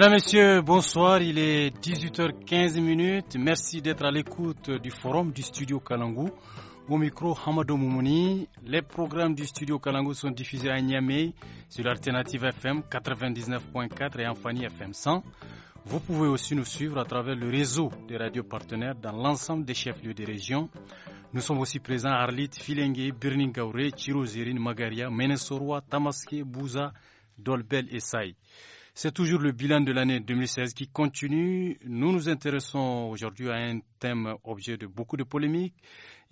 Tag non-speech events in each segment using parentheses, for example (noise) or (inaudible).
Mesdames, Messieurs, bonsoir. Il est 18h15 minutes. Merci d'être à l'écoute du forum du studio Kalangou. Au micro, Hamadou Moumouni. Les programmes du studio Kalangu sont diffusés à Niamey sur l'Alternative FM 99.4 et en Fanny FM 100. Vous pouvez aussi nous suivre à travers le réseau des radios partenaires dans l'ensemble des chefs-lieux des régions. Nous sommes aussi présents à Arlit, Filengue, Birningaure, Chirozirine, Magaria, Menesoroa, Tamaske, Bouza, Dolbel et Saï. C'est toujours le bilan de l'année 2016 qui continue. Nous nous intéressons aujourd'hui à un thème objet de beaucoup de polémiques.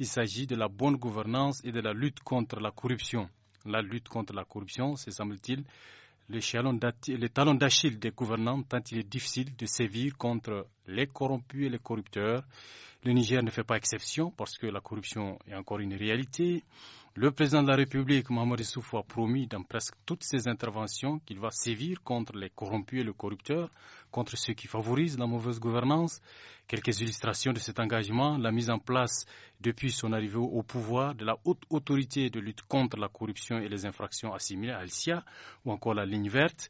Il s'agit de la bonne gouvernance et de la lutte contre la corruption. La lutte contre la corruption, c'est semble-t-il le, talon d'Achille des gouvernants tant il est difficile de sévir contre les corrompus et les corrupteurs. Le Niger ne fait pas exception parce que la corruption est encore une réalité. Le président de la République, Mohamed Issoufou, a promis dans presque toutes ses interventions qu'il va sévir contre les corrompus et les corrupteurs, contre ceux qui favorisent la mauvaise gouvernance. Quelques illustrations de cet engagement, la mise en place depuis son arrivée au pouvoir de la haute autorité de lutte contre la corruption et les infractions assimilées à Alcia, ou encore la ligne verte.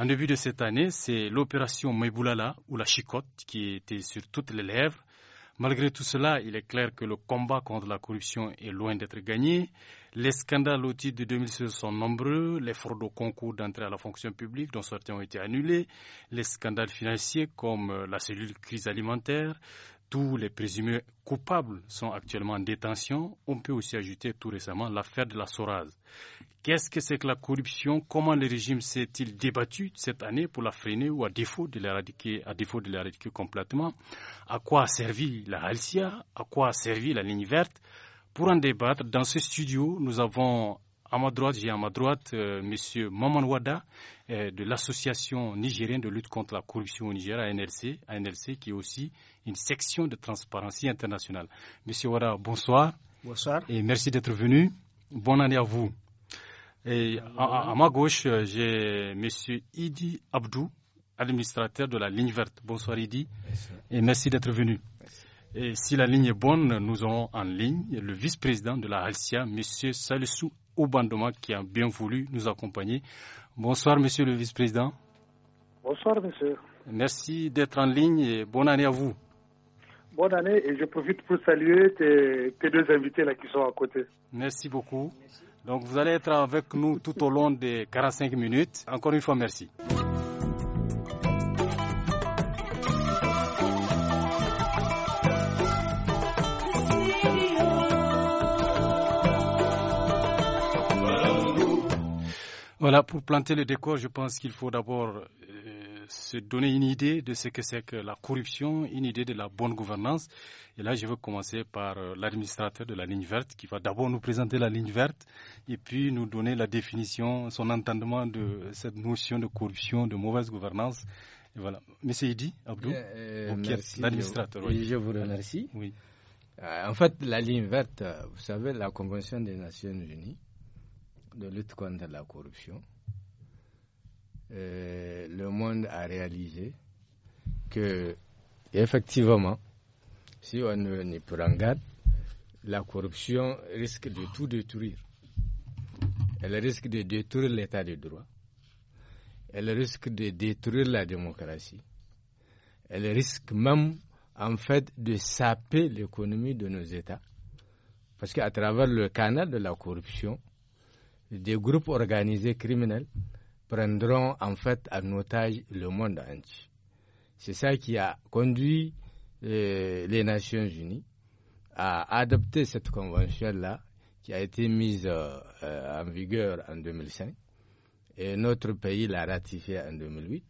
En début de cette année, c'est l'opération Meboulala ou la chicotte qui était sur toutes les lèvres. Malgré tout cela, il est clair que le combat contre la corruption est loin d'être gagné. Les scandales au titre de 2016 sont nombreux. Les fraudes au concours d'entrée à la fonction publique, dont certains ont été annulés. Les scandales financiers, comme la cellule crise alimentaire, tous les présumés coupables sont actuellement en détention. On peut aussi ajouter tout récemment l'affaire de la Soraz. Qu'est-ce que c'est que la corruption Comment le régime s'est-il débattu cette année pour la freiner ou à défaut de l'éradiquer, à défaut de l'éradiquer complètement À quoi a servi la Halcia À quoi a servi la ligne verte Pour en débattre, dans ce studio, nous avons à ma droite, j'ai à ma droite euh, M. Maman Wada euh, de l'Association nigérienne de lutte contre la corruption au Niger, ANLC, ANLC, qui est aussi une section de transparence internationale. M. Wada, bonsoir. Bonsoir. Et merci d'être venu. Bonne année à vous. Et à, ma gauche, euh, j'ai M. Idi Abdou, administrateur de la ligne verte. Bonsoir Idi. Et merci d'être venu. Et si la ligne est bonne, nous aurons en ligne le vice-président de la Halcia, M. Salissou Obandoma, qui a bien voulu nous accompagner. Bonsoir, Monsieur le vice-président. Bonsoir, monsieur. Merci d'être en ligne et bonne année à vous. Bonne année et je profite pour saluer tes, deux invités là qui sont à côté. Merci beaucoup. Donc vous allez être avec nous tout au long des 45 minutes. Encore une fois, merci. Voilà, pour planter le décor, je pense qu'il faut d'abord euh, se donner une idée de ce que c'est que la corruption, une idée de la bonne gouvernance. Et là, je veux commencer par euh, l'administrateur de la ligne verte qui va d'abord nous présenter la ligne verte et puis nous donner la définition, son entendement de cette notion de corruption, de mauvaise gouvernance. Et voilà. Monsieur Idi Abdou, euh, l'administrateur. Oui. Je vous remercie. en fait, la ligne verte, vous savez, la Convention des Nations Unies de lutte contre la corruption, euh, le monde a réalisé que, effectivement, si on ne prend garde, la corruption risque de tout détruire. Elle risque de détruire l'état de droit. Elle risque de détruire la démocratie. Elle risque même, en fait, de saper l'économie de nos États. Parce qu'à travers le canal de la corruption, des groupes organisés criminels prendront en fait en otage le monde entier. C'est ça qui a conduit euh, les Nations Unies à adopter cette convention-là qui a été mise euh, en vigueur en 2005 et notre pays l'a ratifiée en 2008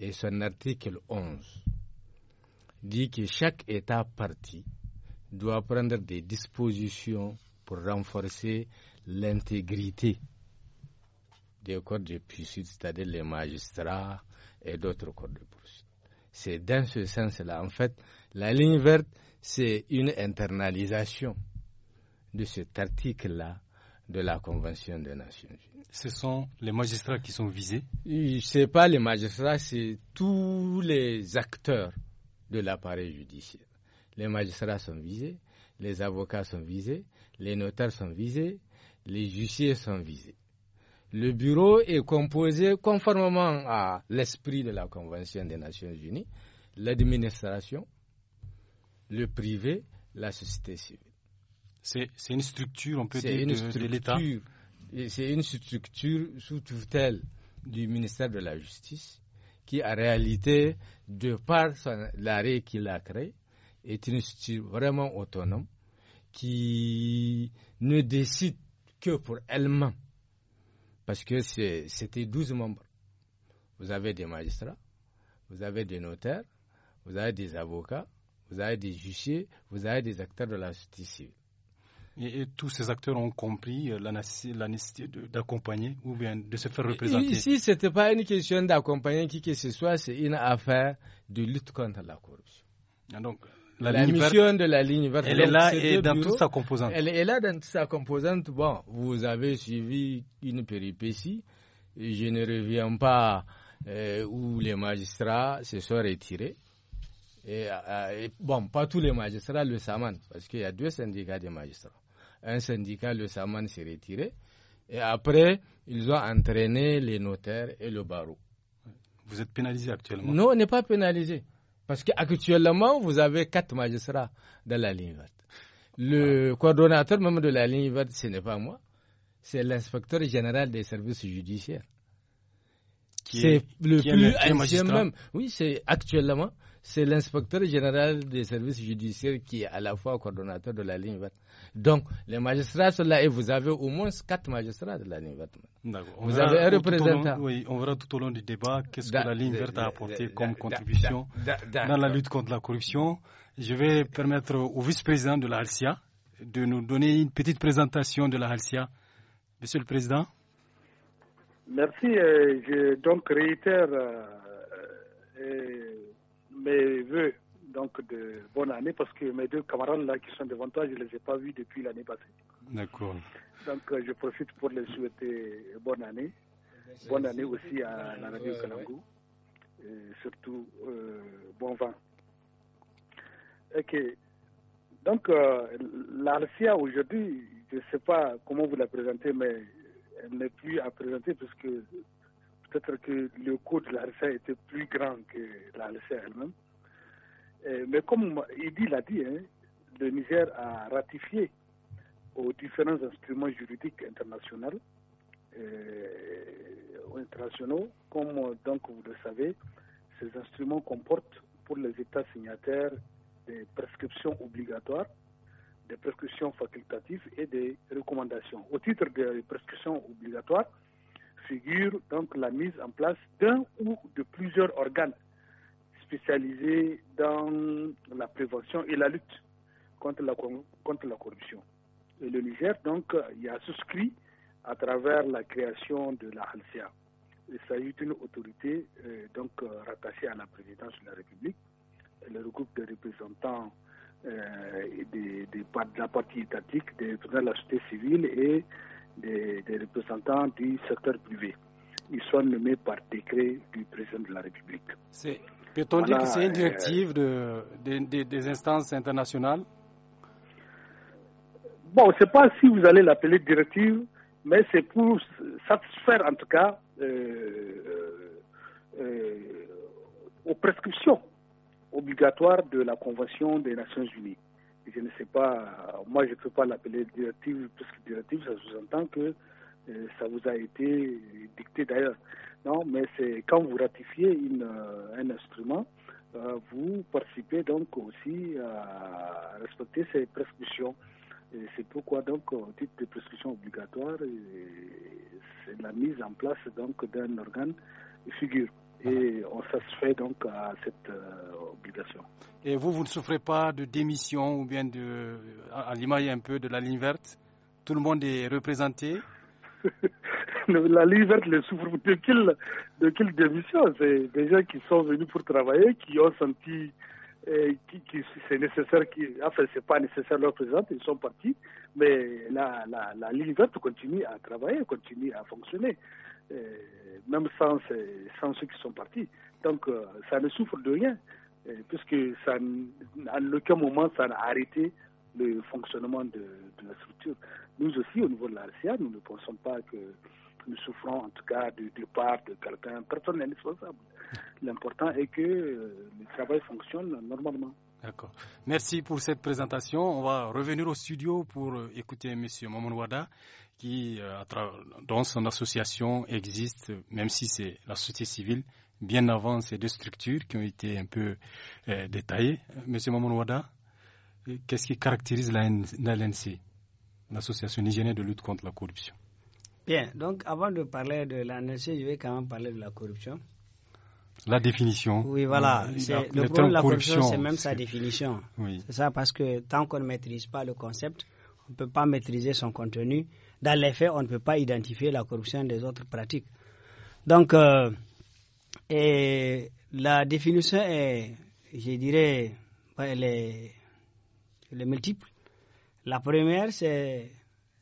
et son article 11 dit que chaque État parti doit prendre des dispositions pour renforcer l'intégrité des corps de poursuite, c'est-à-dire les magistrats et d'autres corps de poursuite. C'est dans ce sens-là. En fait, la ligne verte, c'est une internalisation de cet article-là de la Convention des Nations Unies. Ce sont les magistrats qui sont visés Ce n'est pas les magistrats, c'est tous les acteurs de l'appareil judiciaire. Les magistrats sont visés, les avocats sont visés, les notaires sont visés, les huissiers sont visés. Le bureau est composé conformément à l'esprit de la Convention des Nations Unies, l'administration, le privé, la société civile. C'est une structure, on peut dire, de, de l'État C'est une structure sous tutelle du ministère de la Justice qui, en réalité, de par l'arrêt qu'il a créé, est une structure vraiment autonome qui ne décide que pour elle-même. Parce que c'était 12 membres. Vous avez des magistrats, vous avez des notaires, vous avez des avocats, vous avez des juges, vous avez des acteurs de la justice Et, tous ces acteurs ont compris euh, la nécessité d'accompagner ou bien de se faire représenter. Ici, ce n'était pas une question d'accompagner qui que ce soit, c'est une affaire de lutte contre la corruption. Ah, donc, la, mission de la ligne verte. Elle est là et dans toute sa composante. Elle est là dans toute sa composante. Bon, vous avez suivi une péripétie. Je ne reviens pas euh, où les magistrats se sont retirés. Euh, et, bon, pas tous les magistrats, le Saman, parce qu'il y a deux syndicats de magistrats. Un syndicat, le Saman, s'est retiré. Et après, ils ont entraîné les notaires et le barreau. Vous êtes pénalisé actuellement Non, on n'est pas pénalisé. Parce qu'actuellement, vous avez quatre magistrats dans la ligne verte. Le coordonnateur même de la ligne verte, ce n'est pas moi, c'est l'inspecteur général des services judiciaires. C'est le plus même. Oui, c'est actuellement, c'est l'inspecteur général des services judiciaires qui est à la fois coordonnateur de la ligne verte. Donc, les magistrats sont là et vous avez au moins quatre magistrats de la ligne verte. vous avez un représentant. oui, on verra tout au long du débat qu'est-ce que la ligne verte a apporté comme contribution dans la lutte contre la corruption. Je vais permettre au vice-président de la Halcia de nous donner une petite présentation de la Halcia. Monsieur le Président. Merci. Je donc réitère euh, euh, mes voeux donc de bonne année parce que mes deux camarades là qui sont devant toi, je les ai pas vus depuis l'année passée. D'accord. Donc euh, je profite pour les souhaiter bonne année. Bonne année aussi à la radio Kalangou. Et surtout bon vent. Ok. Donc euh, l'Arcia aujourd'hui, je ne sais pas comment vous la présentez, mais n'est plus à présenter parce que peut-être que le coût de RSA était plus grand que RSA elle-même. Mais comme Idi l'a dit, hein, le Niger a ratifié aux différents instruments juridiques internationaux, euh, internationaux comme donc vous le savez, ces instruments comportent pour les États signataires des prescriptions obligatoires des prescriptions facultatives et des recommandations. Au titre des prescriptions obligatoires, figure donc la mise en place d'un ou de plusieurs organes spécialisés dans la prévention et la lutte contre la, contre la corruption. Et le Niger, donc, y a souscrit à travers la création de la HALCIA. Il s'agit d'une autorité euh, donc euh, rattachée à la présidence de la République. Elle regroupe des représentants euh, des, des, de la partie étatique, des représentants de la société civile et des, représentants du secteur privé. Ils sont nommés par décret du président de la République. Peut-on dire que c'est une directive de, des instances internationales Bon, je ne sais pas si vous allez l'appeler directive, mais c'est pour satisfaire en tout cas euh, euh, aux prescriptions obligatoire de la Convention des Nations Unies. je ne sais pas, euh, moi je ne peux pas l'appeler directive, parce que directive, ça sous-entend que euh, ça vous a été dicté d'ailleurs. Non, mais c'est quand vous ratifiez une, euh, un instrument, vous participez donc aussi à respecter ces prescriptions. C'est pourquoi donc au titre des prescriptions obligatoires, c'est la mise en place donc d'un organe figure. Et on s'assoit donc à cette euh, obligation. Et vous, vous ne souffrez pas de démission ou bien de, à, l'image un peu de la ligne verte Tout le monde est représenté (laughs) La ligne verte ne souffre de quelle, de quelle démission C'est des gens qui sont venus pour travailler, qui ont senti euh, que qui c'est nécessaire, qui, enfin, c'est pas nécessaire leur présence, ils sont partis, mais la, la, la ligne verte continue à travailler, continue à fonctionner même sans, sans, ceux qui sont partis. Donc euh, ça ne souffre de rien, puisque ça, à aucun moment ça n'a arrêté le fonctionnement de, la structure. Nous aussi, au niveau de RCA nous ne pensons pas que nous souffrons en tout cas du départ de, quelqu'un. Personne n'est responsable. L'important est que euh, le travail fonctionne normalement. D'accord. Merci pour cette présentation. On va revenir au studio pour euh, écouter M. Mamoun Wada qui, euh, dans son association existe, même si c'est la société civile, bien avant ces deux structures qui ont été un peu euh, détaillées. Monsieur Mamoun euh, qu'est-ce qui caractérise l'ANC, l'association nigérienne de lutte contre la corruption Bien, donc avant de parler de l'ANC, je vais quand même parler de la corruption. La définition. Oui, voilà. le problème de la corruption, c'est même sa définition. Oui. C'est ça, parce que tant qu'on ne maîtrise pas le concept, on ne peut pas maîtriser son contenu. Dans les faits, on ne peut pas identifier la corruption des autres pratiques. Donc, euh, et la définition est, je dirais, elle est, multiple. La première, c'est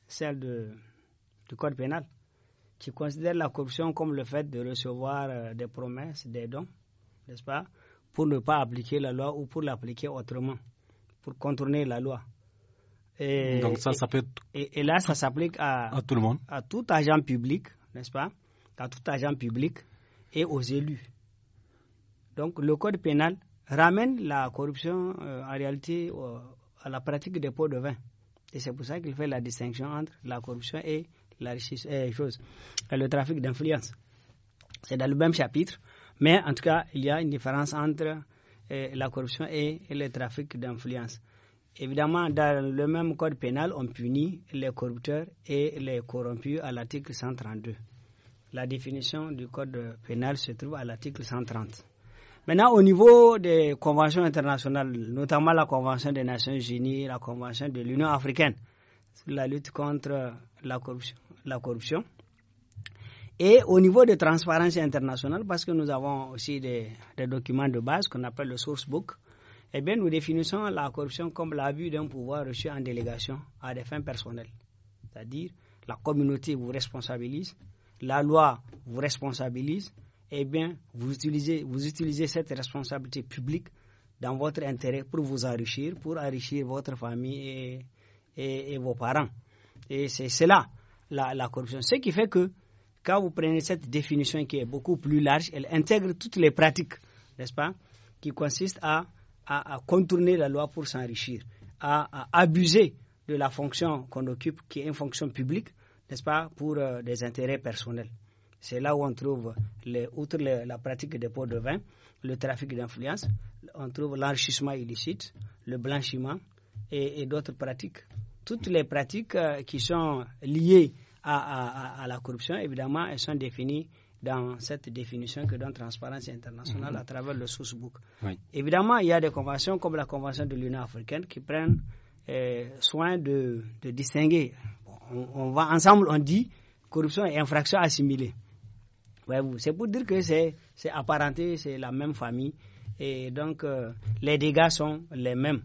celle du Code pénal, qui considère la corruption comme le fait de recevoir euh, des promesses, des dons, n'est-ce pas, pour ne pas appliquer la loi ou pour l'appliquer autrement, pour contourner la loi. Et, Donc ça, ça peut et, là, ça s'applique à, tout le monde. À tout agent public, n'est-ce pas À tout agent public et aux élus. Donc le code pénal ramène la corruption euh, en réalité à la pratique des pots de vin. Et c'est pour ça qu'il fait la distinction entre la corruption et la richesse, et chose, et le trafic d'influence. C'est dans le même chapitre, mais en tout cas, il y a une différence entre euh, la corruption et le trafic d'influence. Évidemment, dans le même code pénal, on punit les corrupteurs et les corrompus à l'article 132. La définition du code pénal se trouve à l'article 130. Maintenant, au niveau des conventions internationales, notamment la Convention des Nations Unies, la Convention de l'Union africaine sur la lutte contre la corruption, et au niveau de transparence internationale, parce que nous avons aussi des, des documents de base qu'on appelle le Source Book, eh bien, nous définissons la corruption comme l'abus d'un pouvoir reçu en délégation à des fins personnelles. C'est-à-dire, la communauté vous responsabilise, la loi vous responsabilise, eh bien, vous utilisez, vous utilisez cette responsabilité publique dans votre intérêt pour vous enrichir, pour enrichir votre famille et, vos parents. Et c'est cela, la, la, corruption. Ce qui fait que, quand vous prenez cette définition qui est beaucoup plus large, elle intègre toutes les pratiques, n'est-ce pas, qui consistent à à, contourner la loi pour s'enrichir, à, abuser de la fonction qu'on occupe, qui est une fonction publique, n'est-ce pas, pour euh, des intérêts personnels. C'est là où on trouve, les, outre la pratique des pots de vin, le trafic d'influence, on trouve l'enrichissement illicite, le blanchiment et, d'autres pratiques. Toutes les pratiques euh, qui sont liées à, la corruption, évidemment, elles sont définies dans cette définition que donne Transparence internationale mhm. à travers le sourcebook. Oui. Évidemment, il y a des conventions comme la Convention de l'Union africaine qui prennent euh, soin de, de distinguer. On, va ensemble, on dit corruption et infraction assimilée. vous c'est pour dire que c'est apparenté, c'est la même famille et donc euh, les dégâts sont les mêmes.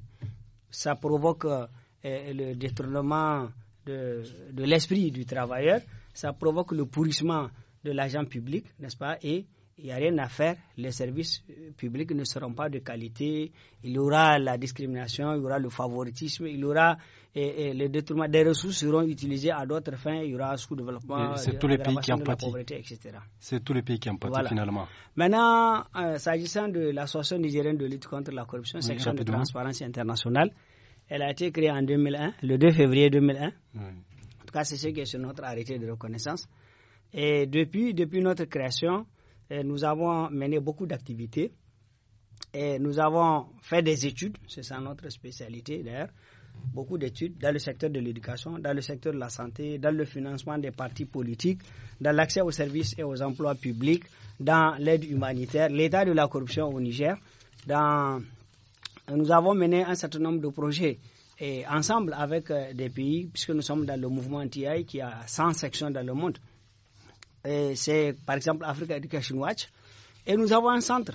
Ça provoque euh, le détournement de, de l'esprit du travailleur, ça provoque le pourrissement de l'argent public, n'est-ce pas Et il n'y a rien à faire. Les services euh, publics ne seront pas de qualité. Il y aura la discrimination, il y aura le favoritisme, il y aura et, le Des ressources seront utilisées à d'autres fins. Il y aura sous-développement, c'est tous pays qui pauvreté, etc. C'est tous les pays qui en finalement. Maintenant, euh, s'agissant de l'association nigérienne de lutte contre la corruption, section de transparence internationale, elle a été créée en 2001, le 2 février 2001. En tout cas, c'est ce qui est sur notre arrêté de reconnaissance. Et depuis, depuis notre création, eh, nous avons mené beaucoup d'activités. Et nous avons fait des études, c'est ça notre spécialité d'ailleurs, beaucoup d'études dans le secteur de l'éducation, dans le secteur de la santé, dans le financement des partis politiques, dans l'accès aux services et aux emplois publics, dans l'aide humanitaire, l'état de la corruption au Niger. Nous avons mené un certain nombre de projets et ensemble avec euh, des pays, puisque nous sommes dans le mouvement TI qui a 100 sections dans le monde c'est par exemple Africa Education Watch. Et nous avons un centre,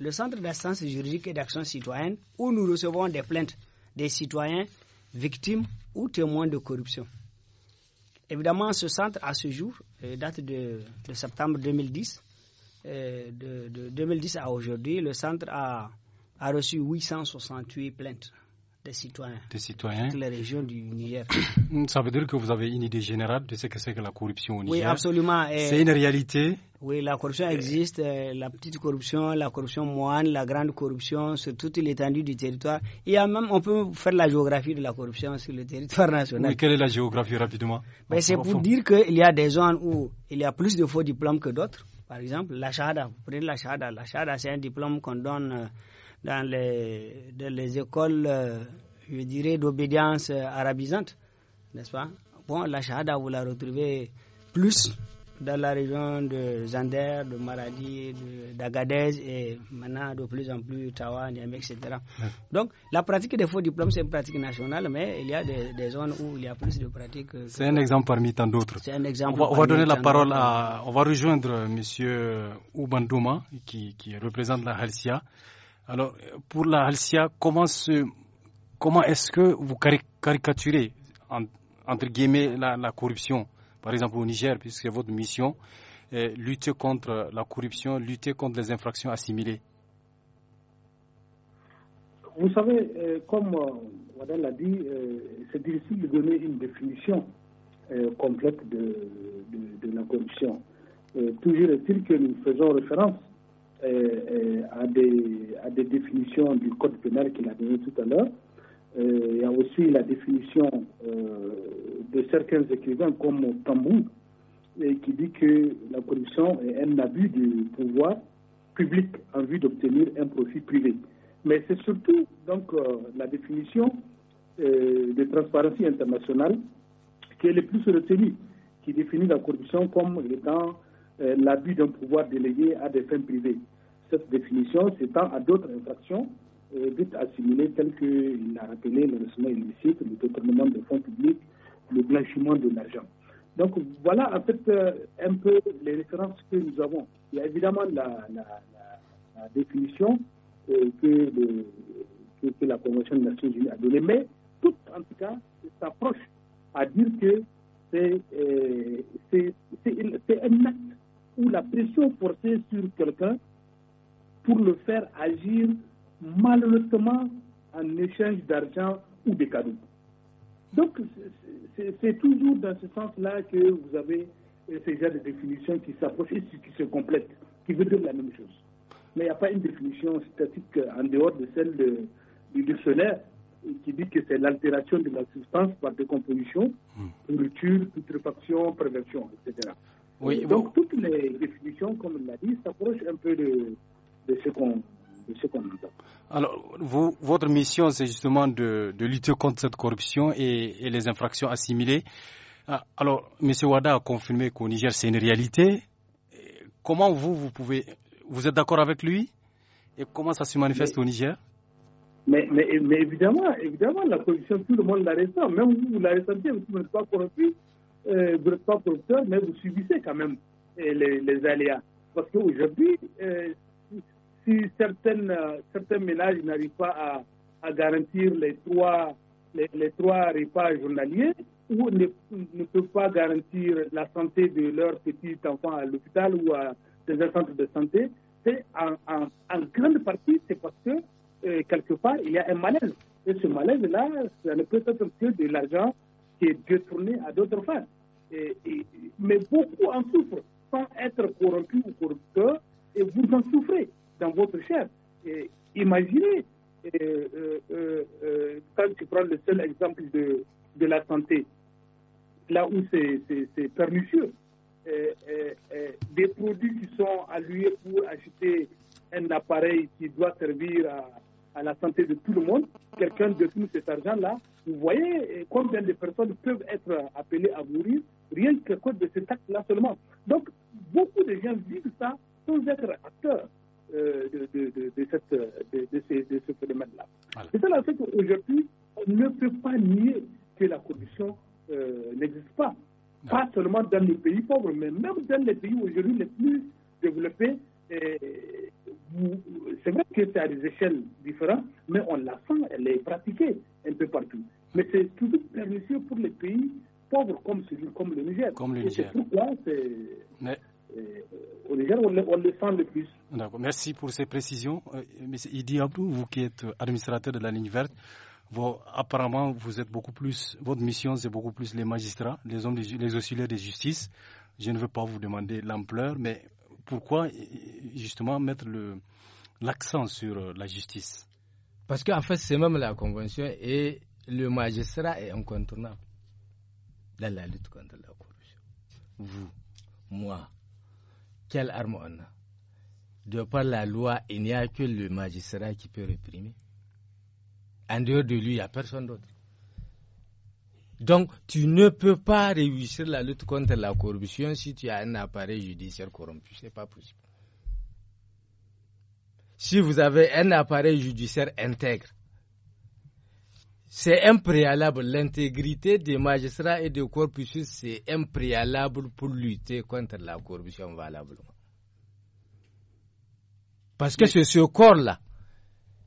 le Centre d'assistance juridique et d'action citoyenne, où nous recevons des plaintes des citoyens victimes ou témoins de corruption. Évidemment, ce centre, à ce jour, euh, date de, septembre 2010. Euh, de, 2010 à aujourd'hui, le centre a reçu 868 plaintes des citoyens, des citoyens. toutes les régions du Niger. (coughs) Ça veut dire que vous avez une idée générale de ce que c'est que la corruption au Niger Oui, absolument. C'est une réalité Oui, la corruption existe, euh, la petite corruption, la corruption moine, la grande corruption sur toute l'étendue du territoire. Et même, on peut faire la géographie de la corruption sur le territoire national. Mais quelle est la géographie rapidement ben, C'est pour dire qu'il y a des zones où il y a plus de faux diplômes que d'autres. Par exemple, la Shahada, vous prenez la Shahada. La Shahada, c'est un diplôme qu'on donne euh, dans les, écoles, euh, je dirais, d'obédience euh, arabisante, n'est-ce pas Bon, la shahada, vous la retrouvez plus dans la région de Zander, de Maradi, d'Agadez et maintenant de plus en plus Tawa, Niamey, etc. Donc la pratique des faux diplômes, c'est une pratique nationale, mais il y a des, zones où il y a plus de pratiques. C'est un exemple parmi tant d'autres. On va, donner la parole à. On va rejoindre M. Oubandouma qui, qui représente la Halsia. Alors, pour la Halcia, comment, comment est-ce que vous caricaturez, entre guillemets, la, corruption, par exemple au Niger, puisque votre mission, est euh, lutter contre la corruption, lutter contre les infractions assimilées Vous savez, euh, comme euh, Wadal l'a dit, c'est difficile de donner une définition complète de, la corruption. toujours est-il que nous faisons référence euh, euh, à, des, à, des, définitions du code pénal qu'il a donné tout à l'heure. Euh, il y a aussi la définition de certains écrivains comme Tambou, qui dit que la corruption est un abus du pouvoir public en vue d'obtenir un profit privé. Mais c'est surtout donc la définition de transparence internationale qui est le plus retenue, qui définit la corruption comme étant l'abus d'un pouvoir délégué à des fins privées cette définition s'étend à d'autres infractions euh, dites assimilées telles qu'il a rappelé le recensement illicite, le détournement de fonds publics, le blanchiment de l'argent. Donc voilà en fait euh, un peu les références que nous avons. Il y a évidemment la, définition euh, que, la Convention des Nations Unies a donnée, mais tout en tout cas s'approche à dire que c'est un acte où la pression forcée sur quelqu'un pour le faire agir malheureusement en échange d'argent ou de cadeaux. Donc, c'est toujours dans ce sens-là que vous avez euh, ces genres de définitions qui s'approchent et qui se complètent, qui veut dire la même chose. Mais il n'y a pas une définition statique en dehors de celle de, du dictionnaire qui dit que c'est l'altération de la substance par décomposition, hmm. rupture, putréfaction, prévention, etc. Donc, toutes les définitions, comme on l'a dit, s'approchent un peu de, ce qu'on entend. Alors, votre mission, c'est justement de, lutter contre cette corruption et, les infractions assimilées. Ah, alors, M. Wada a confirmé qu'au Niger, c'est une réalité. Comment vous, vous pouvez. Vous êtes d'accord avec lui Et comment ça se manifeste au Niger mais, mais, mais, évidemment, évidemment, la corruption, tout le monde la ressent. Même vous, vous la ressentez, vous n'êtes pas corrompu, euh, vous n'êtes pas corrupteur, mais vous subissez quand même euh, les, aléas. Parce qu'aujourd'hui, euh, si certaines, euh, certains ménages n'arrivent pas à, garantir les trois, les, trois repas journaliers ou ne, peuvent pas garantir la santé de leurs petits enfants à l'hôpital ou à, des un de santé, c'est en, grande partie, c'est parce que euh, quelque part, il y a un malaise. Et ce malaise-là, ça ne peut être que de l'argent qui est détourné à d'autres fins. Et, mais beaucoup en souffrent, sans être corrompus ou corrupteurs, et vous en souffrez dans votre chair. imaginez, euh, euh, euh, quand tu prends le seul exemple de, la santé, là où c'est pernicieux, des produits qui sont alloués pour acheter un appareil qui doit servir à, la santé de tout le monde, quelqu'un de tout cet argent-là, vous voyez combien de personnes peuvent être appelées à mourir rien que cause de cet acte-là seulement. Donc, beaucoup de gens vivent ça sans être acteurs. Euh, de, de, de, cette, de, ce phénomène-là. C'est Et cela fait qu'aujourd'hui, on ne peut pas nier que la corruption euh, n'existe pas. Pas seulement dans les pays pauvres, mais même dans les pays aujourd'hui les plus développés. C'est vrai que c'est à des échelles différentes, mais on la sent, elle est pratiquée un peu partout. Mais c'est toujours pernicieux pour les pays pauvres comme, comme le Niger. Comme le Niger. C'est pourquoi c'est. Euh, on les, le plus. Merci pour ces précisions. Euh, monsieur vous qui êtes administrateur de la ligne verte, apparemment, vous êtes beaucoup plus, votre mission, c'est beaucoup plus les magistrats, les hommes, les auxiliaires de justice. Je ne veux pas vous demander l'ampleur, mais pourquoi justement mettre l'accent sur euh, la justice Parce qu'en fait, c'est même la convention et le magistrat est incontournable dans la lutte contre la corruption. Vous, moi, quelle arme on a De par la loi, il n'y a que le magistrat qui peut réprimer. En dehors de lui, il n'y a personne d'autre. Donc, tu ne peux pas réussir la lutte contre la corruption si tu as un appareil judiciaire corrompu. Ce n'est pas possible. Si vous avez un appareil judiciaire intègre, c'est impréalable, L'intégrité des magistrats et des corpus, c'est impréalable pour lutter contre la corruption valablement. Parce que c'est ce corps-là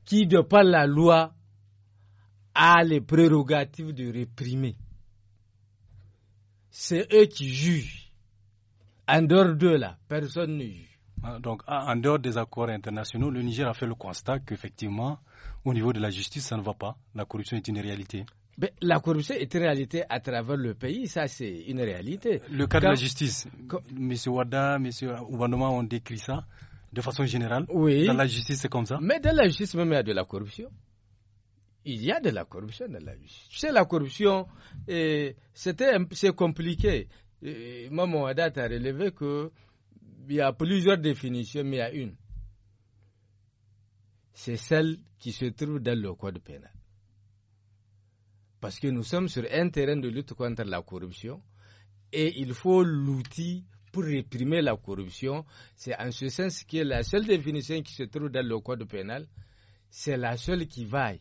qui, de par la loi, a les prérogatives de réprimer. C'est eux qui jugent. En dehors de là, personne ne juge. Hein, donc, en dehors des accords internationaux, le Niger a fait le constat qu'effectivement, au niveau de la justice, ça ne va pas. La corruption est une réalité. Mais la corruption est une réalité à travers le pays, ça c'est une réalité. Le cas de la justice, Monsieur M. Wada, M. Oubanoma ont décrit ça de façon générale. Oui. Dans la justice, c'est comme ça. Mais dans la justice même, il y a de la corruption. Il y a de la corruption dans la justice. Tu sais, la corruption, eh, c'est compliqué. Eh, Maman Wada a relevé que il y a plusieurs définitions, mais il y a une. C'est celle qui se trouve dans le code pénal. Parce que nous sommes sur un terrain de lutte contre la corruption et il faut l'outil pour réprimer la corruption. C'est en ce sens que la seule définition qui se trouve dans le code pénal, c'est la seule qui vaille.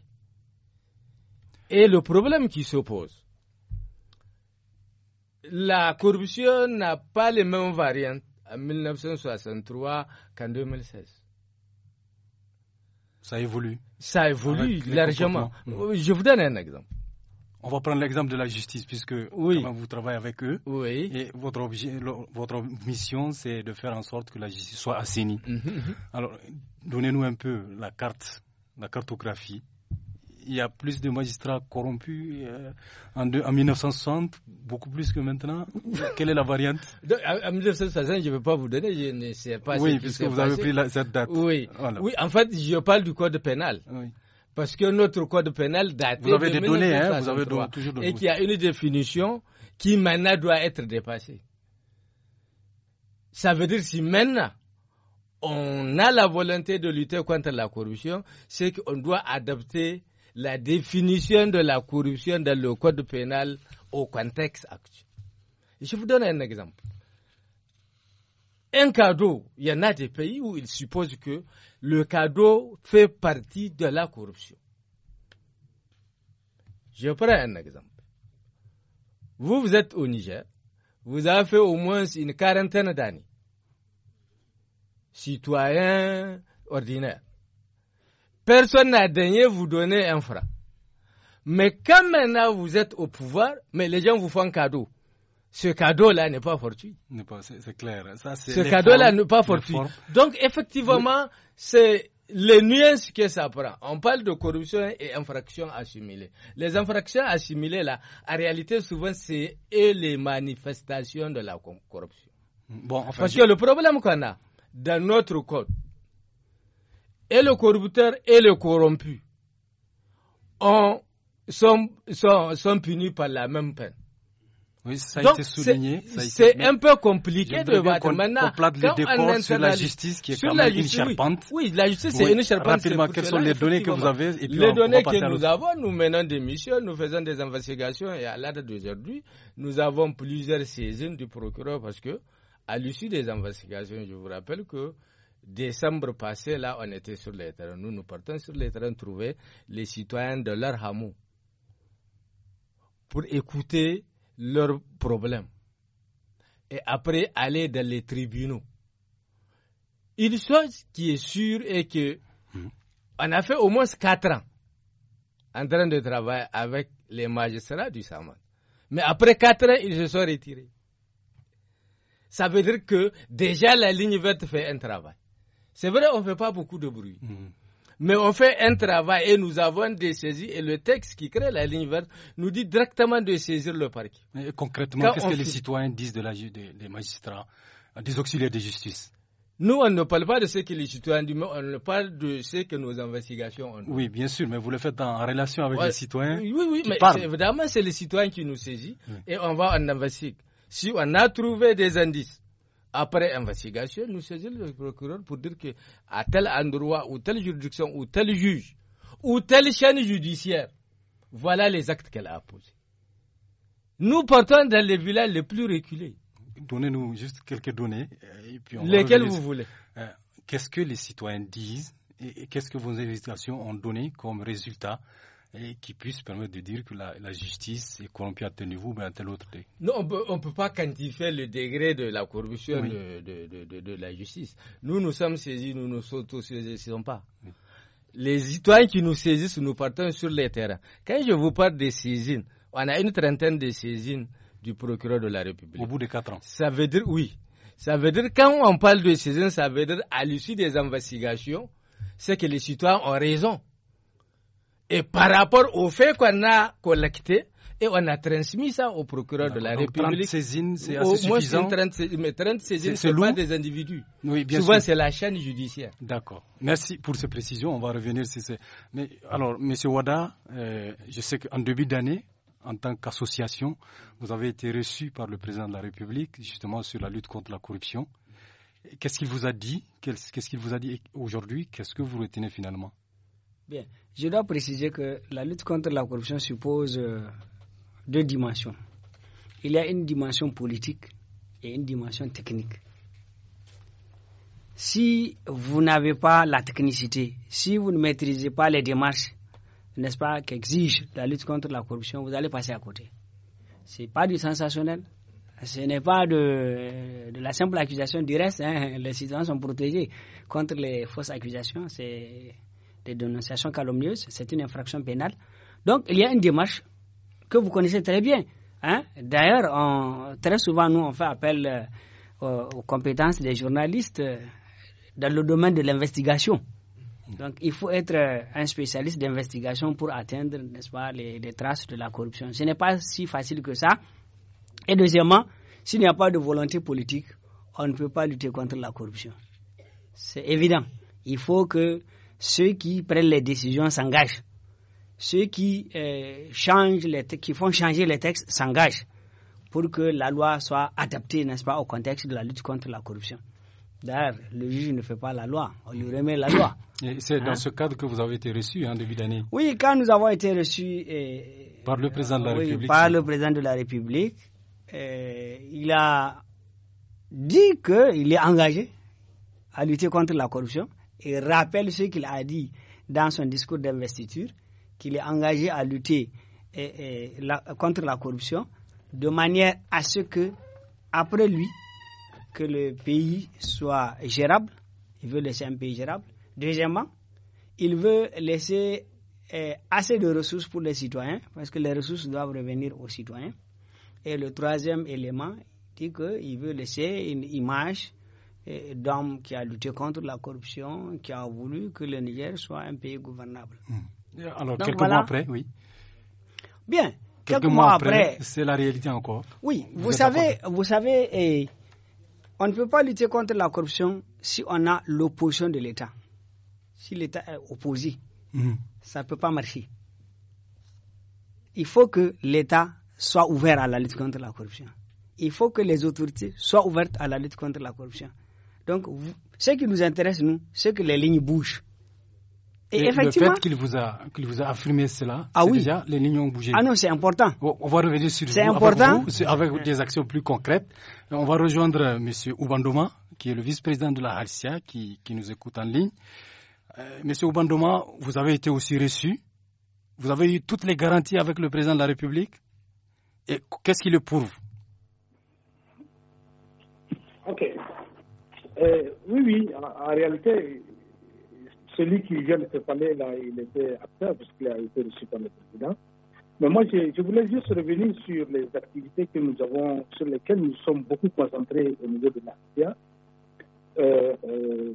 Et le problème qui se pose, la corruption n'a pas les mêmes variantes 1963 qu'en 2016. Ça évolue. Ça évolue largement. Je vous donne un exemple. On va prendre l'exemple de la justice, puisque vous travaillez avec eux. Et votre, votre mission, c'est de faire en sorte que la justice soit assainie. Mhm, mhm. Alors, donnez-nous un peu la carte, la cartographie il y a plus de magistrats corrompus euh, en, 1960, beaucoup plus que maintenant. Quelle est la variante En 1960, je ne vais pas vous donner, je ne sais pas. Oui, puisque vous avez pris cette date. Oui. oui, en fait, je parle du code pénal. Parce que notre code pénal date vous avez de des données, hein, vous avez toujours données. Et qu'il y a une définition qui maintenant doit être dépassée. Ça veut dire si maintenant on a la volonté de lutter contre la corruption, c'est qu'on doit adapter la définition de la corruption dans le code pénal au contexte actuel. Je vous donne un exemple. Un cadeau, il y en a des pays où ils suppose que le cadeau fait partie de la corruption. Je prends un exemple. Vous, vous êtes au Niger, vous avez fait au moins une quarantaine d'années. Citoyen ordinaire. Personne n'a daigné vous donner un franc. Mais quand maintenant vous êtes au pouvoir, mais les gens vous font cadeau. Ce cadeau-là n'est pas fortuit. C'est clair. Ça, Ce cadeau-là n'est pas fortuit. Donc, effectivement, c'est les nuances que ça prend. On parle de corruption et infractions assimilées. Les infractions assimilées, là, en réalité, souvent, c'est les manifestations de la corruption. Bon, Parce que le problème qu'on a dans notre code, et le corrupteur et le corrompu sont, sont, sont punis par la même peine. Oui, ça a été souligné. C'est un peu compliqué de voir. Maintenant, on plate le décor sur la justice qui est quand une charpente. Oui, la justice est une charpente. Rapidement, quelles sont les données que vous avez Les données que nous avons, nous menons des missions, nous faisons des investigations et à l'heure d'aujourd'hui, nous avons plusieurs saisines du procureur parce que, à l'issue des investigations, je vous rappelle que décembre passé, là, on était sur les terrains. Nous, nous partons sur les terrains trouver les citoyens de leur hameau pour écouter leurs problèmes et après aller dans les tribunaux. Une chose qui est sûre est que hmm. on a fait au moins quatre ans en train de travailler avec les magistrats du Sama. Mais après quatre ans, ils se sont retirés. Ça veut dire que déjà la ligne verte fait un travail. C'est vrai, on ne fait pas beaucoup de bruit. Mm. Mais on fait un travail et nous avons des saisies. Et le texte qui crée la ligne verte nous dit directement de saisir le parquet. Mais concrètement, qu'est-ce que les citoyens disent de la, des, magistrats, des auxiliaires de justice nous, on ne parle pas de ce que les citoyens disent, mais on parle de ce que nos investigations ont. Oui, bien sûr, mais vous le faites en relation avec les citoyens. Oui, oui, mais évidemment, c'est les citoyens qui nous saisissent et on va en investiguer. Si on a trouvé des indices, après investigation, nous saisissons le procureur pour dire que à tel endroit ou telle juridiction ou tel juge ou telle chaîne judiciaire, voilà les actes qu'elle a posés. Nous partons dans les villages les plus reculés. Donnez-nous juste quelques données. Euh, et puis on Lesquelles vous voulez euh, Qu'est-ce que les citoyens disent et, qu'est-ce que vos investigations ont donné comme résultat et qui puisse permettre de dire que la, justice est corrompue à tel niveau, mais à tel autre. Non, on ne peut pas quantifier le degré de la corruption de, la justice. Nous, nous sommes saisis, nous ne nous auto-saisissons pas. Les citoyens qui nous saisissent, nous partons sur les terrains. Quand je vous parle des saisines, on a une trentaine de saisines du procureur de la République. Au bout de quatre ans. Ça veut dire, oui. Ça veut dire, quand on parle de saisine, ça veut dire, à l'issue des investigations, c'est que les citoyens ont raison. Et par rapport au fait qu'on a collecté, et on a transmis ça au procureur de la République. 30 saisines, c'est assez suffisant. 30 mais pas des individus. Oui, bien Souvent, c'est la chaîne judiciaire. D'accord. Merci pour ces précisions. On va revenir sur ces... Mais, alors, M. Wada, euh, je sais qu'en début d'année, en tant qu'association, vous avez été reçu par le président de la République, justement, sur la lutte contre la corruption. Qu'est-ce qu'il vous a dit Qu'est-ce qu'il vous a dit aujourd'hui Qu'est-ce que vous retenez finalement je dois préciser que la lutte contre la corruption suppose euh, deux dimensions. Il y a une dimension politique et une dimension technique. Si vous n'avez pas la technicité, si vous ne maîtrisez pas les démarches, n'est-ce pas, qu'exige la lutte contre la corruption, vous allez passer à côté. Ce n'est pas du sensationnel, ce n'est pas de, la simple accusation du reste. Hein. Les citoyens sont protégés contre les fausses accusations. C'est des dénonciations calomnieuses, c'est une infraction pénale. Donc, il y a une démarche que vous connaissez très bien. Hein. D'ailleurs, très souvent, nous, on fait appel euh, aux, compétences des journalistes euh, dans le domaine de l'investigation. Donc, il faut être euh, un spécialiste d'investigation pour atteindre, n'est-ce pas, les, traces de la corruption. Ce n'est pas si facile que ça. Et deuxièmement, s'il n'y a pas de volonté politique, on ne peut pas lutter contre la corruption. C'est évident. Il faut que ceux qui prennent les décisions s'engagent. Ceux qui, euh, changent les qui font changer les textes s'engagent pour que la loi soit adaptée, n'est-ce pas, au contexte de la lutte contre la corruption. D'ailleurs, le juge ne fait pas la loi, on lui remet la loi. c'est dans hein? ce cadre que vous avez été reçu en hein, début d'année Oui, quand nous avons été reçus. Euh, par le président de la euh, République. Par le président de la République, il a dit qu'il est engagé à lutter contre la corruption il rappelle ce qu'il a dit dans son discours d'investiture, qu'il est engagé à lutter eh, eh, contre la corruption, de manière à ce que, après lui, que le pays soit gérable. Il veut laisser un pays gérable. Deuxièmement, il veut laisser eh, assez de ressources pour les citoyens, parce que les ressources doivent revenir aux citoyens. Et le troisième élément dit qu'il veut laisser une image d'hommes qui a lutté contre la corruption, qui a voulu que le Niger soit un pays gouvernable. Hmm. Alors, quelques mois après, oui. Bien, quelques, mois, après. c'est la réalité encore. Oui, vous, savez, vous savez eh, on ne peut pas lutter contre la corruption si on a l'opposition de l'État. Si l'État est opposé, hmm. ça ne peut pas marcher. Il faut que l'État soit ouvert à la lutte contre la corruption. Il faut que les autorités soient ouvertes à la lutte contre la corruption. Donc, ce qui nous intéresse, nous, c'est que les lignes bougent. Et, effectivement, le fait qu'il vous, a, vous a affirmé cela, ah oui. déjà, les lignes ont bougé. Ah non, c'est important. on va revenir sur C'est important. Avec, avec, des actions plus concrètes. Euh, on va rejoindre M. Oubandoma, qui est le vice-président de la Halcia, qui, nous écoute en ligne. Monsieur M. Oubandoma, vous avez été aussi reçu. Vous avez eu toutes les garanties avec le président de la République. Et qu'est-ce qui le prouve Euh, oui, oui, en, réalité, celui qui vient de se parler là, il était acteur puisqu'il a été reçu par le président. Mais moi, je, voulais juste revenir sur les activités que nous avons, sur lesquelles nous sommes beaucoup concentrés au niveau de l'ASIA. Euh, euh,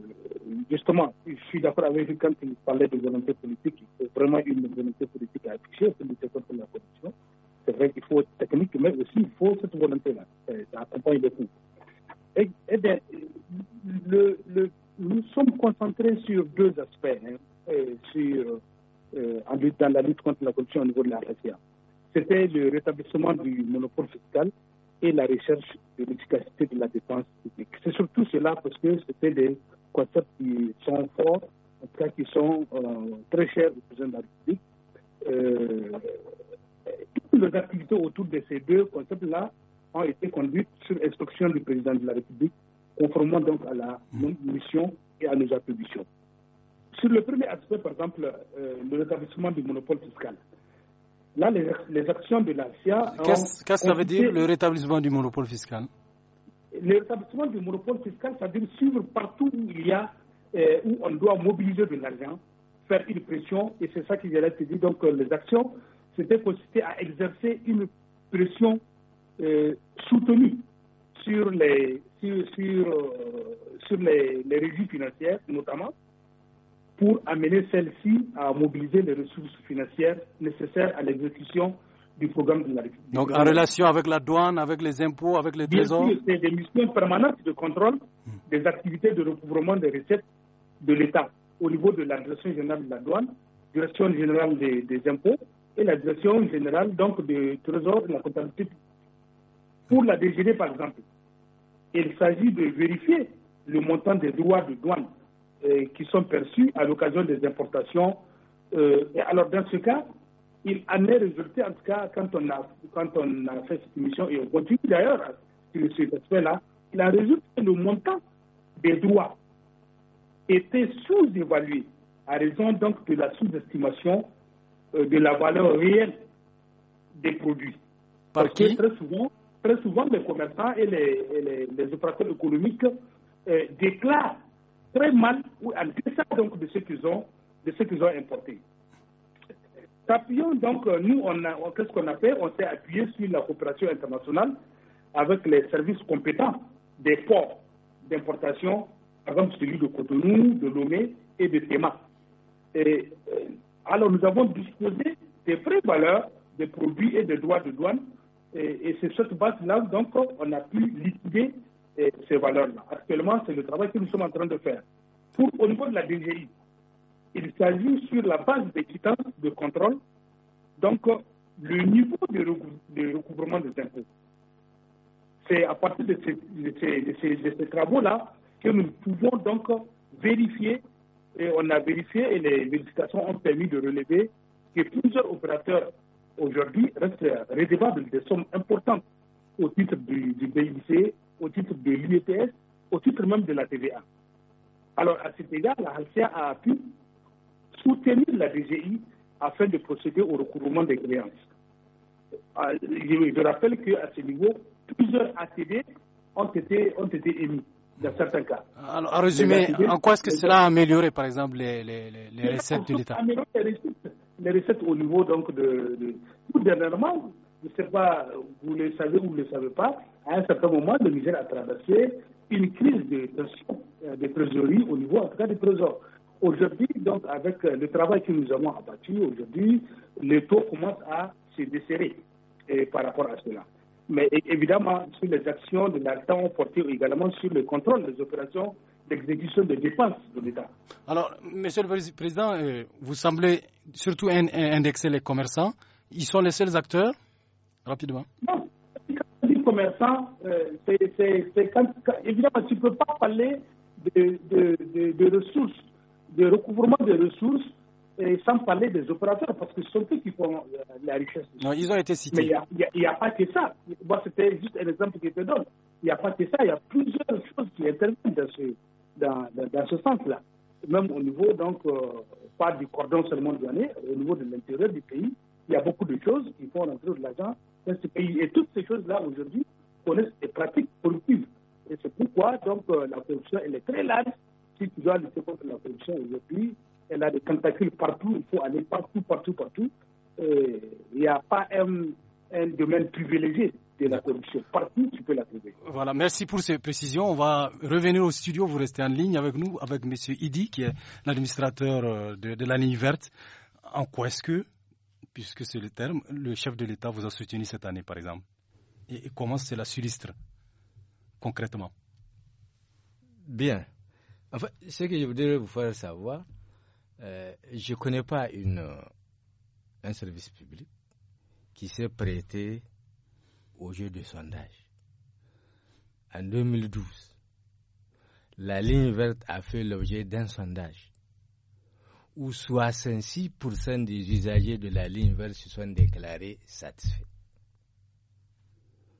justement, je suis d'accord avec lui quand il parlait de volonté politique. Il faut vraiment une volonté politique à afficher une lutter contre la corruption. C'est vrai qu'il faut technique, mais aussi il faut cette volonté-là. Ça accompagne beaucoup. Eh, eh, bien, le, nous sommes concentrés sur deux aspects hein, sur, euh, dans la lutte contre la corruption au niveau de la RSA. C'était le rétablissement du monopole fiscal et la recherche de l'efficacité de la dépense publique. C'est surtout cela parce que c'était des concepts qui sont forts, en tout cas qui sont euh, très chers aux président de la République. Euh, toutes les activités autour de ces deux concepts-là été conduites sur instruction du président de la République, conformément donc à la mmh. mission et à nos attributions. Sur le premier aspect, par exemple, euh, le rétablissement du monopole fiscal. Là, les, actions de la Qu'est-ce que ça veut dire le rétablissement du monopole fiscal Le rétablissement du monopole fiscal, ça veut dire suivre partout où il y a, euh, où on doit mobiliser de l'argent, faire une pression, et c'est ça qui vient d'être dit. Donc, euh, les actions, c'était constitué à exercer une pression euh, soutenu sur les sur, sur, euh, sur les, les régies financières notamment pour amener celles-ci à mobiliser les ressources financières nécessaires à l'exécution du programme de la République. Donc en relation avec la douane, avec les impôts, avec les Bien C'est des missions permanentes de contrôle des activités de recouvrement des recettes de l'État au niveau de la Direction générale de la douane, Direction générale des, des impôts et la Direction générale donc du trésor de la comptabilité pour la DGD, par exemple, il s'agit de vérifier le montant des droits de douane euh, qui sont perçus à l'occasion des importations. Euh, et alors, dans ce cas, il en est résulté, en tout cas, quand on a, quand on a fait cette émission, et on continue d'ailleurs sur cet aspect-là, il en résulté que le montant des droits était sous-évalué à raison donc de la sous-estimation euh, de la valeur réelle des produits. Parce que très souvent, très souvent les commerçants et les, opérateurs économiques euh, déclarent très mal ou en dessous donc de ce qu'ils ont, de ce qu'ils ont importé. donc, euh, nous, on a, qu'est-ce qu'on a fait On s'est appuyé sur la coopération internationale avec les services compétents des ports d'importation, par exemple celui de Cotonou, de Lomé et de Tema. Et, euh, alors, nous avons disposé des vraies valeurs des produits et des droits de douane et, c'est sur cette base-là, donc, on a pu liquider eh, ces valeurs-là. Actuellement, c'est le travail que nous sommes en train de faire. Pour, au niveau de la DGI, il s'agit sur la base des de contrôle, donc le niveau de, recouvrement des impôts. C'est à partir de ces, travaux-là que nous pouvons donc vérifier, et on a vérifié, et les vérifications ont permis de relever que plusieurs opérateurs aujourd'hui reste redevable des sommes importantes au titre du, BIC, au titre de l'UETS, au titre même de la TVA. Alors, à cet égard, la HALCEA a pu soutenir la DGI afin de procéder au recouvrement des créances. Euh, je, rappelle qu'à ce niveau, plusieurs ATD ont été, ont été émis dans certains cas. Alors, en résumé, en quoi est-ce que cela a amélioré, par exemple, les, les, les recettes de l'État les recettes, au niveau donc de, tout dernièrement, je ne sais pas, vous le savez ou vous ne le savez pas, à un certain moment, le Niger a traversé une crise de, tension, euh, de trésorerie au niveau, en tout cas, des trésors. Aujourd'hui, donc, avec euh, le travail que nous avons abattu, aujourd'hui, les taux commence à se desserrer par rapport à cela mais évidemment sur les actions de on porté également sur le contrôle des opérations d'exécution des dépenses de l'État. Alors, Monsieur le Président, euh, vous semblez surtout indexer les commerçants. Ils sont les seuls acteurs Rapidement. Non, quand on commerçant, euh, c'est quand, évidemment, tu ne peux pas parler de, de ressources, de recouvrement des ressources sans parler des opérateurs, parce que ce sont eux qui font euh, la richesse. Non, ils ont été cités. Mais il n'y a, pas que ça. Moi, c'était juste un exemple qu'ils te donne. Il n'y a pas que ça. Il y a plusieurs choses qui interviennent dans ce, dans, ce sens-là. Même au niveau, donc, euh, pas du cordon seulement douanier, au niveau de l'intérieur du pays, il y a beaucoup de choses qui font rentrer de l'argent dans ce pays. Et toutes ces choses-là, aujourd'hui, connaissent des pratiques politiques Et c'est pourquoi, donc, euh, la corruption, elle est très large. Si tu dois lutter contre la corruption aujourd'hui, elle a des tentacules partout, il faut aller partout, partout, partout. Euh, il n'y a pas un, domaine privilégié de la corruption. Partout, tu peux la trouver. Voilà, merci pour ces précisions. On va revenir au studio. Vous restez en ligne avec nous, avec M. Idi, qui est l'administrateur euh, de, de, la ligne verte. En quoi est-ce que, puisque c'est le terme, le chef de l'État vous a soutenu cette année, par exemple Et, comment c'est la surliste, concrètement Bien. Enfin, ce que je voudrais vous faire savoir, euh, je ne connais pas euh, un service public qui s'est prêté au jeu de sondage. En 2012, la ligne verte a fait l'objet d'un sondage où 66% des usagers de la ligne verte se sont déclarés satisfaits.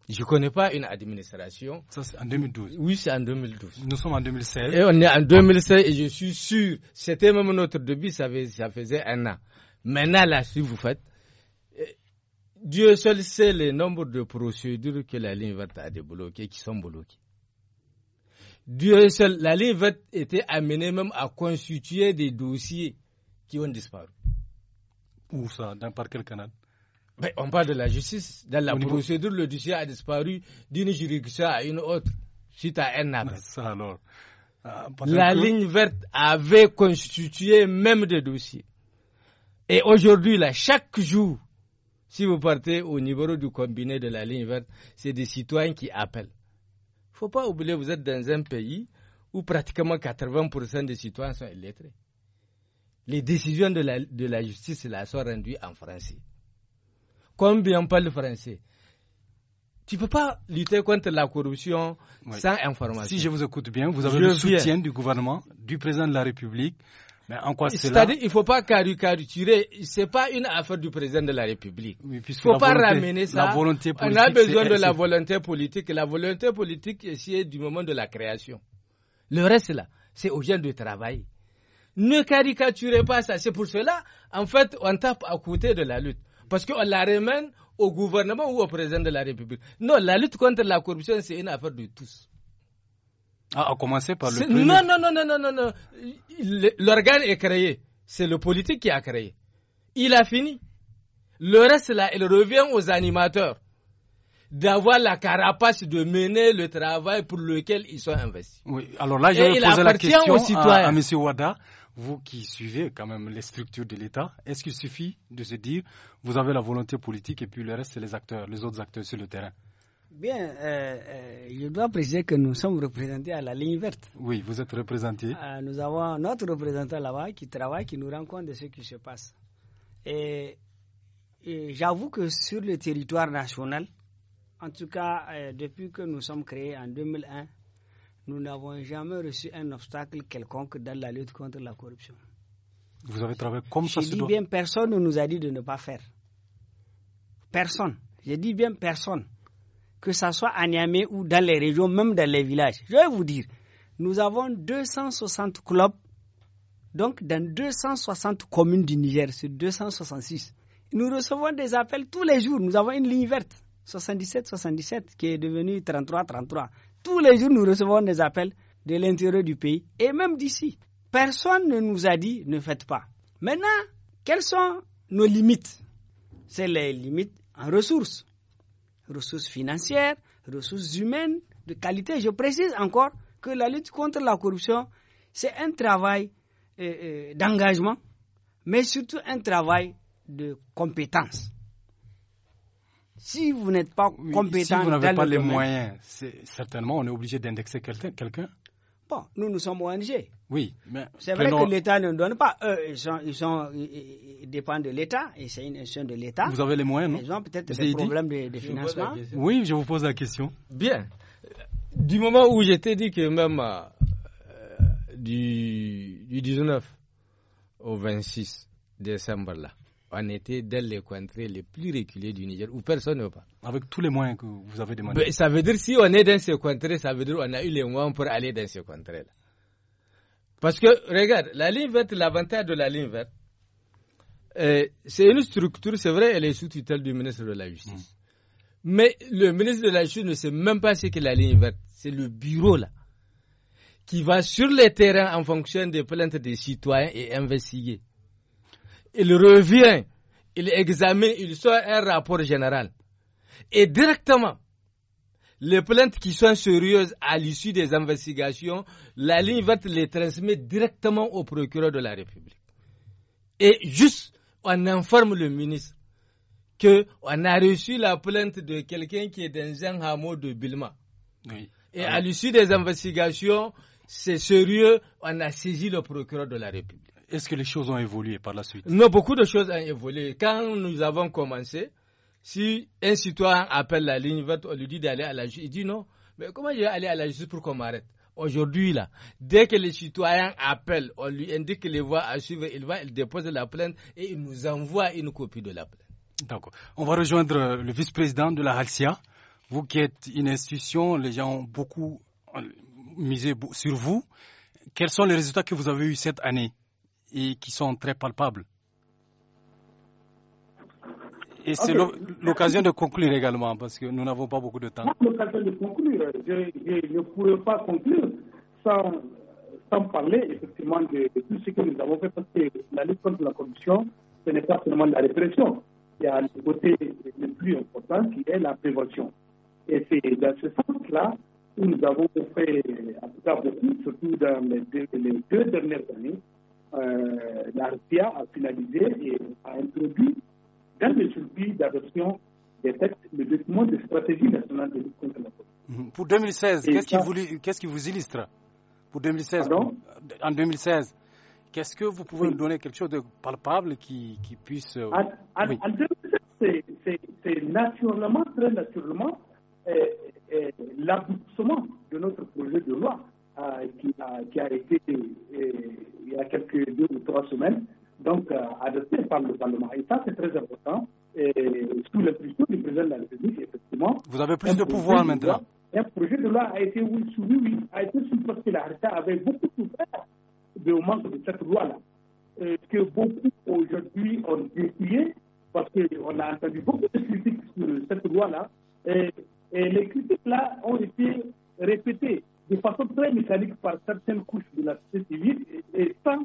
Je ne connais pas une administration. Ça, c'est en 2012. Oui, c'est en 2012. Nous sommes en 2016. Et on est en 2016 et je suis sûr, c'était même notre début, ça, faisait un an. Maintenant, là, si vous faites, euh, Dieu seul sait le nombre de procédures que la ligne verte a débloquées, qui sont bloquées. Dieu seul, la ligne verte était amenée même à constituer des dossiers qui ont disparu. Où ça dans, Par quel canal on parle de la justice. Dans la procédure, le dossier a disparu d'une juridiction à une autre suite à un appel. Euh, la ligne verte avait constitué même des dossiers. Et aujourd'hui, là, chaque jour, si vous partez au niveau du combiné de la ligne verte, c'est des citoyens qui appellent. Il ne faut pas oublier, que vous êtes dans un pays où pratiquement 80% des citoyens sont illettrés. Les décisions de la, de la justice sont rendues en français combien le français tu ne peux pas lutter contre la corruption sans information. Si je vous écoute bien, vous avez le soutien du gouvernement, du président de la République. Mais en quoi C'est-à-dire qu'il ne faut pas caricaturer. Ce n'est pas une affaire du président de la République. il ne faut pas ramener ça. volonté On a besoin de la volonté politique. La volonté politique, c'est du moment de la création. Le reste, là, c'est aux gens de travailler. Ne caricaturez pas ça. C'est pour cela, en fait, on tape à côté de la lutte. Parce qu'on la ramène au gouvernement ou au président de la République. Non, la lutte contre la corruption, c'est une affaire de tous. Ah, à commencer par le président. Non, non, non, non, non, non. L'organe est créé. C'est le politique qui a créé. Il a fini. Le reste, là, il revient aux animateurs d'avoir la carapace de mener le travail pour lequel ils sont investis. Oui, alors là, je vais poser la question à, Monsieur Wada vous qui suivez quand même les structures de l'État, est-ce qu'il suffit de se dire vous avez la volonté politique et puis le reste, c'est les acteurs, les autres acteurs sur le terrain Bien, euh, euh, je dois préciser que nous sommes représentés à la ligne verte. Oui, vous êtes représentés. Ah, nous avons notre représentant là-bas qui travaille, qui nous rend compte de ce qui se passe. et j'avoue que sur le territoire national, en tout cas euh, depuis que nous sommes créés en 2001, nous n'avons jamais reçu un obstacle quelconque dans la lutte contre la corruption. Vous avez travaillé comme ça. Je dis bien, personne ne nous a dit de ne pas faire. Personne. Je dis bien personne. Que ce soit à Niamey ou dans les régions, même dans les villages. Je vais vous dire, nous avons 260 clubs, donc dans 260 communes du Niger sur 266. Nous recevons des appels tous les jours. Nous avons une ligne verte. 77-77 qui est devenu 33-33. Tous les jours, nous recevons des appels de l'intérieur du pays et même d'ici. Personne ne nous a dit ne faites pas. Maintenant, quelles sont nos limites C'est les limites en ressources. Ressources financières, ressources humaines, de qualité. Je précise encore que la lutte contre la corruption, c'est un travail euh, euh, d'engagement, mais surtout un travail de compétence. Si vous n'êtes pas compétent, si vous n'avez pas les moyens, certainement on est obligé d'indexer quelqu'un. bon, nous nous sommes ONG. Oui, mais c'est vrai que l'État ne donne pas. Eux, ils, sont, dépendent de l'État et c'est une de l'État. Vous avez les moyens, non Ils ont peut-être des problèmes de, financement. Oui, je vous pose la question. Bien. Du moment où j'étais dit que même euh, du 19 au 26 décembre là on était dans les contrées les plus reculées du Niger où personne ne pas. Avec tous les moyens que vous avez demandé. Ben, ça veut dire si on est dans ces contrées, ça veut dire qu'on a eu les moyens pour aller dans ces contrées-là. Parce que, regarde, la ligne verte, l'avantage de la ligne verte, euh, c'est une structure, c'est vrai, elle est sous tutelle du ministre de la Justice. Mm. Mais le ministre de la Justice ne sait même pas ce qu'est la ligne verte. C'est le bureau, là, qui va sur les terrains en fonction des plaintes des citoyens et investiguer il revient, il examine, il sort un rapport général. Et directement, les plaintes qui sont sérieuses à l'issue des investigations, la ligne va les transmet directement au procureur de la République. Et juste, on informe le ministre qu'on a reçu la plainte de quelqu'un qui est dans un hameau de Bilma. Et ah à l'issue des investigations, c'est sérieux, on a saisi le procureur de la République. Est-ce que les choses ont évolué par la suite Non, beaucoup de choses ont évolué. Quand nous avons commencé, si un citoyen appelle la ligne on lui dit d'aller à la justice, il dit non. Mais comment je vais aller à la justice pour qu'on m'arrête Aujourd'hui, là, dès que les citoyens appellent, on lui indique les voies à suivre, il va, il dépose la plainte et il nous envoie une copie de la plainte. D'accord. On va rejoindre le vice-président de la Halcia. Vous qui êtes une institution, les gens ont beaucoup euh, misé sur vous. Quels sont les résultats que vous avez eus cette année et qui sont très palpables. Et c'est l'occasion de conclure également, parce que nous n'avons pas beaucoup de temps. L'occasion de conclure, je ne pourrais pas conclure sans, parler effectivement de, tout ce que nous avons fait, parce que la lutte contre la corruption, ce n'est pas seulement la répression. Il y a le côté le plus important qui est la prévention. Et c'est dans ce sens-là où nous avons fait, en tout beaucoup, surtout dans les deux dernières années, euh, l'ARCIA a finalisé et a introduit dans le circuit d'adoption des textes le document de stratégie nationale de lutte la mhm. Pour 2016, qu'est-ce qui, vous, illustre Pour 2016, en 2016, qu'est-ce que vous pouvez nous donner quelque chose de palpable qui, puisse. Euh, en, 2016, c'est naturellement, très naturellement, euh, euh, l'aboutissement de notre projet de loi qui, a, été euh, il y a quelques deux ou trois semaines, donc euh, adopté par le Parlement. Et ça, c'est très important. Et euh, sous le du président de la République, effectivement. Vous avez plus de pouvoir maintenant. Un projet de loi a été oui, soumis, oui, a été soumis parce que la RSA avait beaucoup souffert du manque de cette loi-là. que beaucoup aujourd'hui ont décrié, parce qu'on a entendu beaucoup de critiques sur cette loi-là. et les critiques-là ont été répétées de façon très mécanique par certaines couches de la société civile et, sans,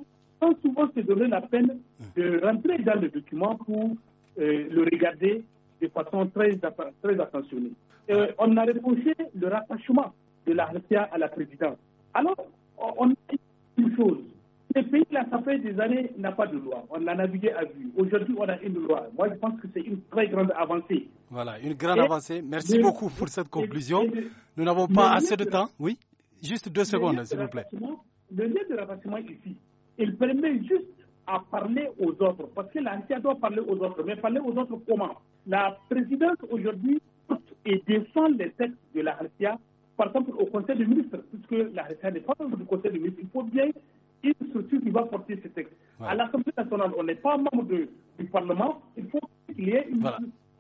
souvent se donner la peine de rentrer dans le document pour euh, le regarder de façon très, très attentionnée. Euh, on a reproché le rattachement de la RCA à la présidence. Alors, on a une chose. Ce pays-là, ça fait des années, n'a pas de loi. On l'a navigué à vue. Aujourd'hui, on a une loi. Moi, je pense que c'est une très grande avancée. Voilà, une grande avancée. Merci beaucoup pour cette conclusion. Nous n'avons pas assez de temps. Oui Juste deux secondes, s'il vous plaît. Le lien de rabassement ici, il permet juste à parler aux autres, parce que l'ancien doit parler aux autres, mais parler aux autres comment La présidence aujourd'hui porte et défend les textes de la RCA, par exemple au Conseil des ministres, puisque la RCA n'est pas membre du Conseil des ministres, il faut bien une structure qui va porter ces textes. À l'Assemblée nationale, on n'est pas membre du Parlement, il faut qu'il y ait une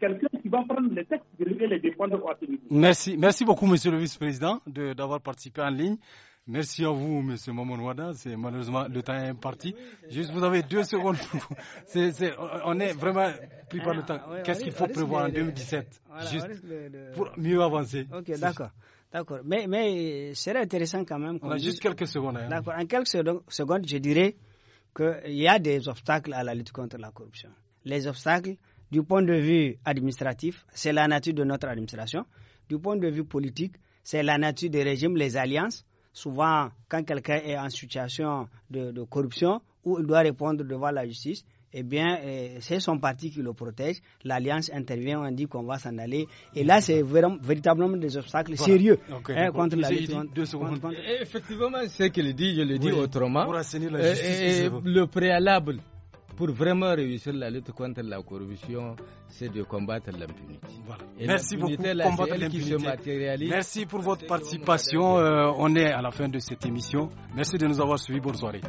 quelqu'un qui va prendre les textes et les défendre Merci, merci beaucoup, Monsieur le Vice-président, d'avoir participé en ligne. Merci à vous, M. Mamoun Wada. C'est malheureusement le temps est parti. Juste, vous avez deux secondes. on est vraiment pris par ah, le temps. Qu'est-ce qu'il faut prévoir en 2017, pour mieux avancer. Ok, d'accord. D'accord. Mais, mais serait intéressant quand même. on, a juste quelques secondes. Hein. D'accord. En quelques secondes, je dirais qu'il y a des obstacles à la lutte contre la corruption. Les obstacles, du point de vue administratif, c'est la nature de notre administration. Du point de vue politique, c'est la nature des régimes, les alliances. Souvent, quand quelqu'un est en situation de, corruption ou il doit répondre devant la justice, eh bien, eh, c'est son parti qui le protège. L'alliance intervient, on dit qu'on va s'en aller. Et là, c'est véritablement des obstacles sérieux hein, contre la justice. Effectivement, ce qu'il dit, je le dis autrement. Euh, le préalable pour vraiment réussir la lutte contre la corruption, c'est de combattre l'impunité. Voilà. Merci beaucoup. Merci pour votre participation. Euh, on est à la fin de cette émission. Merci de nous avoir suivis. Bonne soirée.